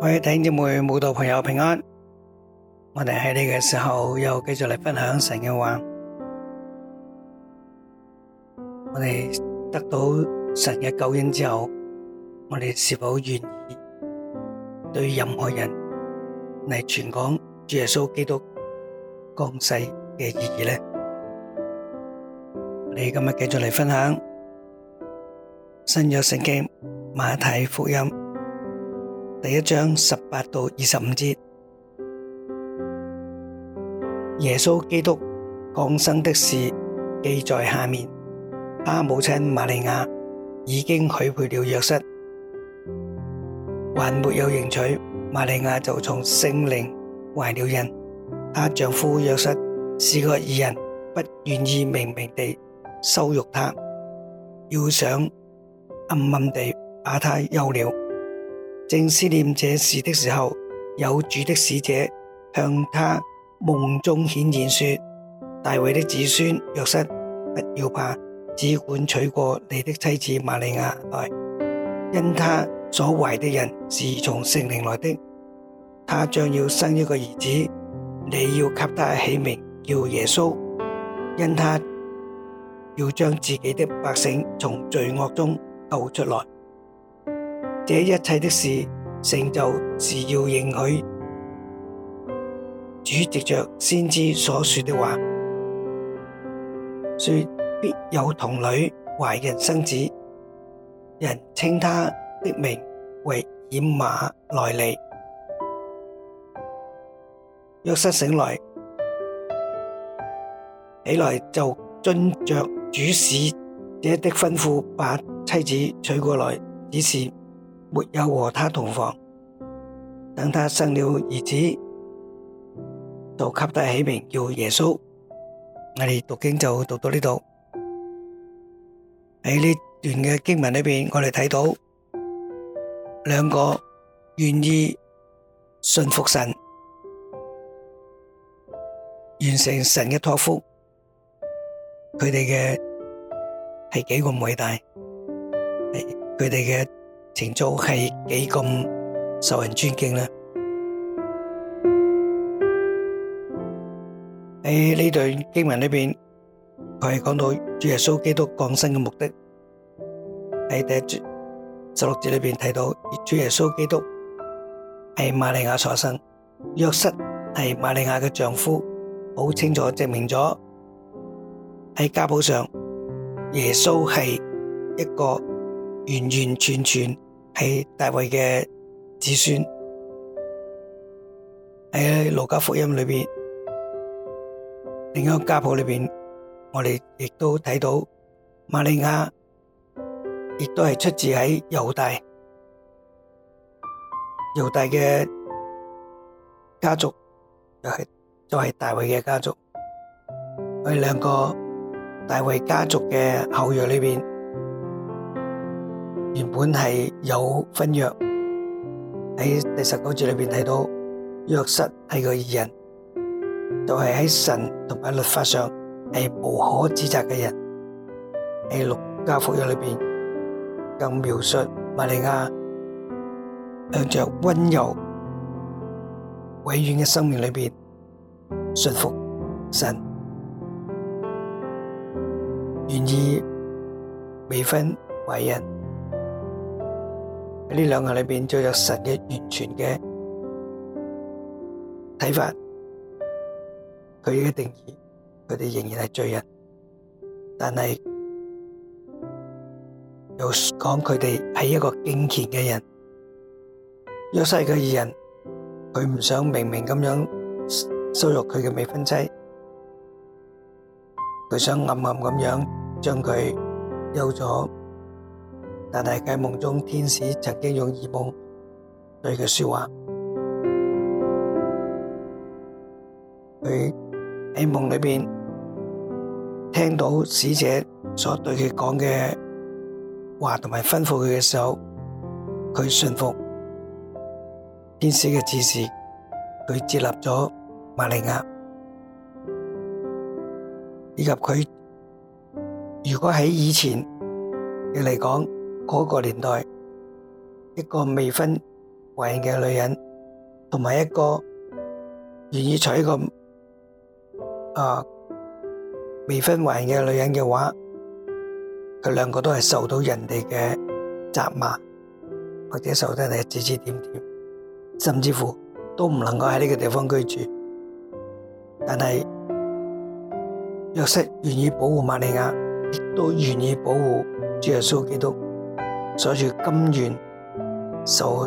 喂，弟兄姊妹、舞蹈朋友平安。我哋喺呢個時候又繼續嚟分享神嘅話。我哋得到神嘅救恩之後，我哋是否願意對任何人嚟傳講主耶穌基督降世嘅意義呢？我哋今日繼續嚟分享新約聖經馬太福音。第一章十八到二十五節，耶穌基督降生的事記在下面。他母親瑪利亞已經許配了約瑟，還沒有迎娶，瑪利亞就從聖靈懷了孕。她丈夫約瑟是個義人，不願意明明地羞辱她，要想暗暗地把她休了。正思念這事的時候，有主的使者向他夢中顯現說：大衛的子孫約瑟，不要怕，只管娶過你的妻子瑪利亞來，因他所懷的人是從聖靈來的，他將要生一個兒子，你要給他起名叫耶穌，因他要將自己的百姓從罪惡中救出來。這一切的事成就是要應許主藉着先知所說的話，說，必有童女懷孕生子，人稱他的名為以馬內利。約瑟醒來起來就遵着主使者的吩咐，把妻子娶過來，只是。沒有和他同房，等他生了兒子，就給他起名叫耶穌。我哋讀經就讀到呢度。喺呢段嘅經文裏面，我哋睇到兩個願意信服神、完成神嘅託付，佢哋嘅係幾咁偉大，佢哋嘅。情操係幾咁受人尊敬呢！喺呢段經文裏邊，佢係講到主耶穌基督降生嘅目的。喺第一章十六節裏邊提到，主耶穌基督係瑪利亞所生，約瑟係瑪利亞嘅丈夫，好清楚證明咗喺家譜上耶穌係一個完完全全。喺大衛嘅子孫喺《路加福音》裏邊，另一個家譜裏邊，我哋亦都睇到瑪利亞，亦都係出自喺猶大，猶大嘅家族，就係就係家族，又係就係大衛嘅家族，佢兩個大衛家族嘅後裔裏邊。原本係有婚約，喺第十九節裏邊睇到約瑟係個義人，就係喺神同埋律法上係無可指責嘅人。喺路加福音裏邊更描述瑪利亞向着溫柔、委婉嘅生命裏邊順服神，願意未婚為人。喺呢兩個裏面，最有神嘅完全嘅睇法，佢嘅定義，佢哋仍然係罪人，但係又講佢哋係一個敬虔嘅人。約瑟嘅二人，佢唔想明明咁樣羞辱佢嘅未婚妻，佢想暗暗咁樣將佢休咗。但係喺夢中，天使曾經用異夢對佢說話。佢喺夢裏邊聽到使者所對佢講嘅話同埋吩咐佢嘅時候，佢信服天使嘅指示，佢接納咗馬利亞，以及佢如果喺以前嘅嚟講。嗰個年代，一個未婚懷孕嘅女人，同埋一個願意娶一個誒未婚懷孕嘅女人嘅話，佢兩個都係受到人哋嘅責罵，或者受到人哋指指點點，甚至乎都唔能夠喺呢個地方居住。但係若瑟願意保護瑪利亞，亦都願意保護主耶穌基督。所以，甘願受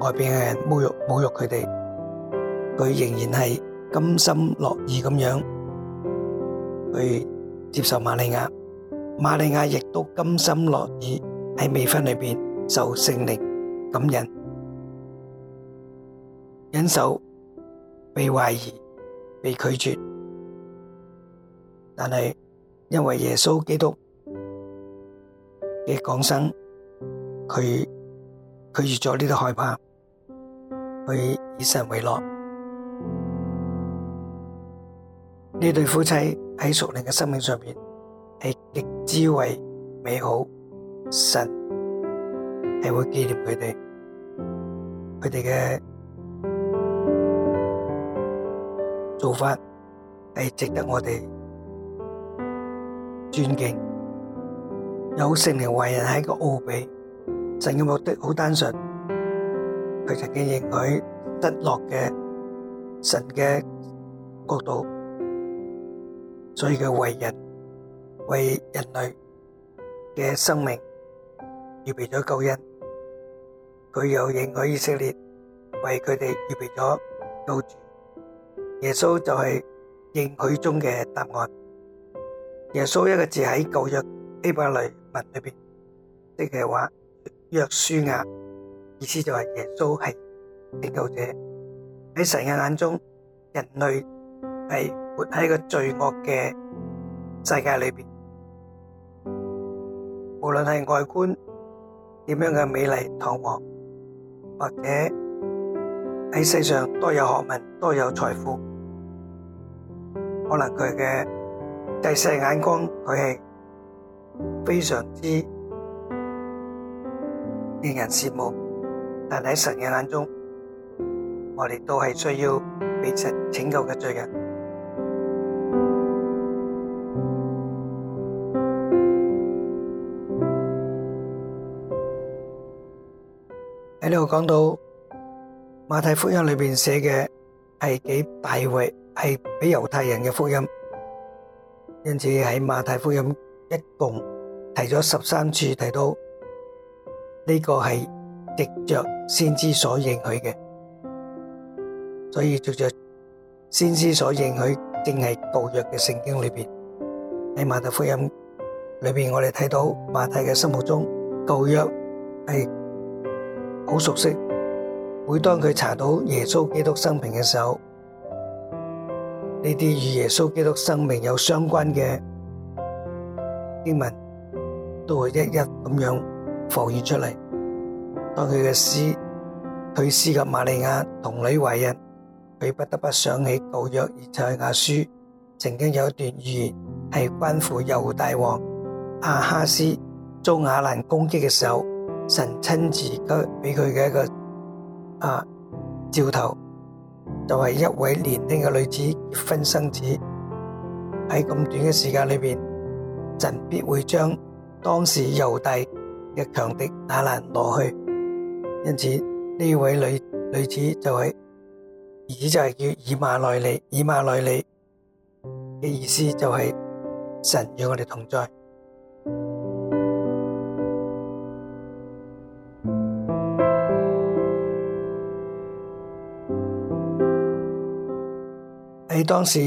外邊嘅人侮辱，侮辱佢哋，佢仍然係甘心樂意咁樣去接受瑪利亞。瑪利亞亦都甘心樂意喺未婚裏邊受聖靈感孕，忍受被懷疑、被拒絕，但係因為耶穌基督嘅降生。佢佢遇咗呢啲害怕，佢以神為樂。呢對夫妻喺屬靈嘅生命上邊係極之為美好，神係會紀念佢哋，佢哋嘅做法係值得我哋尊敬，有聖靈為人係一個奧秘。神嘅目的好單純，佢曾經認許失落嘅神嘅角度，所以佢為人為人類嘅生命預備咗救恩。佢又認許以色列為佢哋預備咗救主，耶穌就係認許中嘅答案。耶穌一個字喺舊約希伯來文裏邊，即係話。約書亞，意思就係耶穌係拯救者。喺神嘅眼中，人類係活喺個罪惡嘅世界裏面。無論係外觀點樣嘅美麗堂皇，或者喺世上多有學問、多有財富，可能佢嘅第四眼光，佢係非常之。令人羨慕，但喺神嘅眼中，我哋都係需要被神拯救嘅罪人。喺呢度講到馬太福音裏面寫嘅係幾大位，係俾猶太人嘅福音，因此喺馬太福音一共提咗十三次提到。呢個係藉着先知所應許嘅，所以藉着先知所應許，正係舊約嘅聖經裏面，喺馬太福音裏面，我哋睇到馬太嘅心目中舊約係好熟悉，每當佢查到耶穌基督生平嘅時候，呢啲與耶穌基督生命有相關嘅經文，都會一一咁樣。浮現出嚟。當佢嘅詩，佢詩及瑪利亞同女懷孕，佢不得不想起舊約以賽亞書。曾經有一段預言係關乎猶大王亞哈斯遭亞蘭攻擊嘅時候，神親自給俾佢嘅一個啊兆頭，就係一位年輕嘅女子結婚生子喺咁短嘅時間裏面，神必會將當時猶大。一強敵打爛落去，因此呢位女，女子就係兒子，就係叫以馬內利，以馬內利嘅意思就係神與我哋同在。喺當時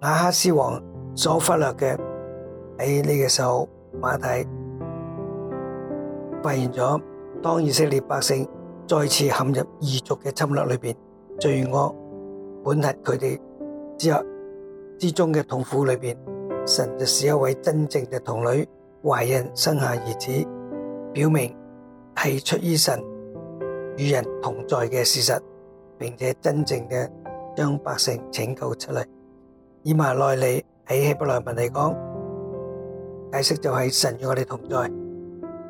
亞哈斯王所忽略嘅，喺呢個時候馬太。發現咗，當以色列百姓再次陷入異族嘅侵略裏面，罪惡本係佢哋之後之中嘅痛苦裏面，神就是一位真正嘅童女懷孕生下兒子，表明係出於神與人同在嘅事實，並且真正嘅將百姓拯救出嚟。以馬內利喺希伯來文嚟講，解釋就係神與我哋同在。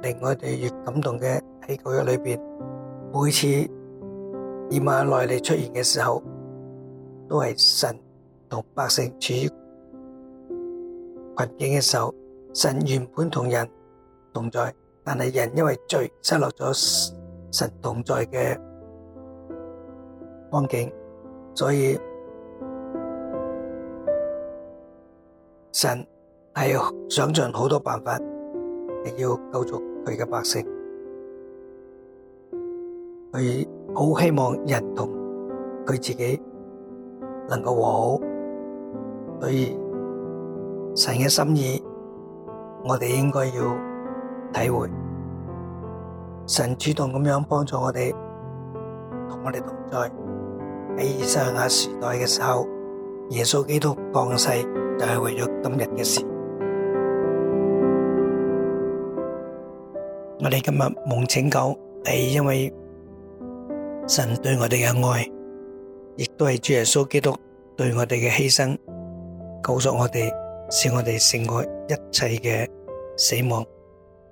令我哋越感動嘅，喺《舊約》裏邊，每次以馬內利出現嘅時候，都係神同百姓處於困境嘅時候。神原本同人同在，但係人因為罪失落咗神同在嘅光景，所以神係想盡好多辦法嚟，要救助。佢嘅百姓，佢好希望人同佢自己能夠和好，所以神嘅心意，我哋應該要體會。神主動咁樣幫助我哋，同我哋同在。喺以賽亞、啊、時代嘅時候，耶穌基督降世就係為咗今日嘅事。我哋今日蒙拯救，係因為神對我哋嘅愛，亦都係主耶穌基督對我哋嘅犧牲，告訴我哋，是我哋勝過一切嘅死亡，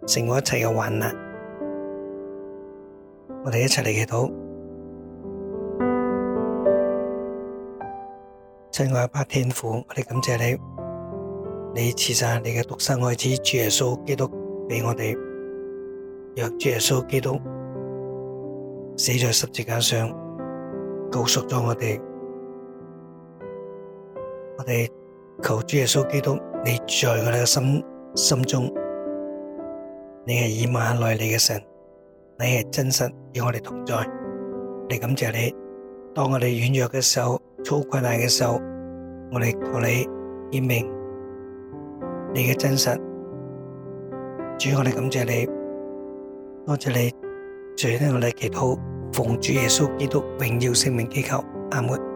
勝過一切嘅患難。我哋一齊嚟祈禱，親愛嘅阿爸天父，我哋感謝你，你賜晒你嘅獨生愛子主耶穌基督俾我哋。若主耶穌基督死在十字架上，告訴咗我哋，我哋求主耶穌基督，你住在我哋嘅心心中，你係以馬內利嘅神，你係真實與我哋同在，我哋感謝你，當我哋軟弱嘅時候，粗困難嘅時候，我哋求你顯明你嘅真實，主，我哋感謝你。多謝你，垂聽我嘅祈禱，奉主耶穌基督榮耀聖名祈求，阿門。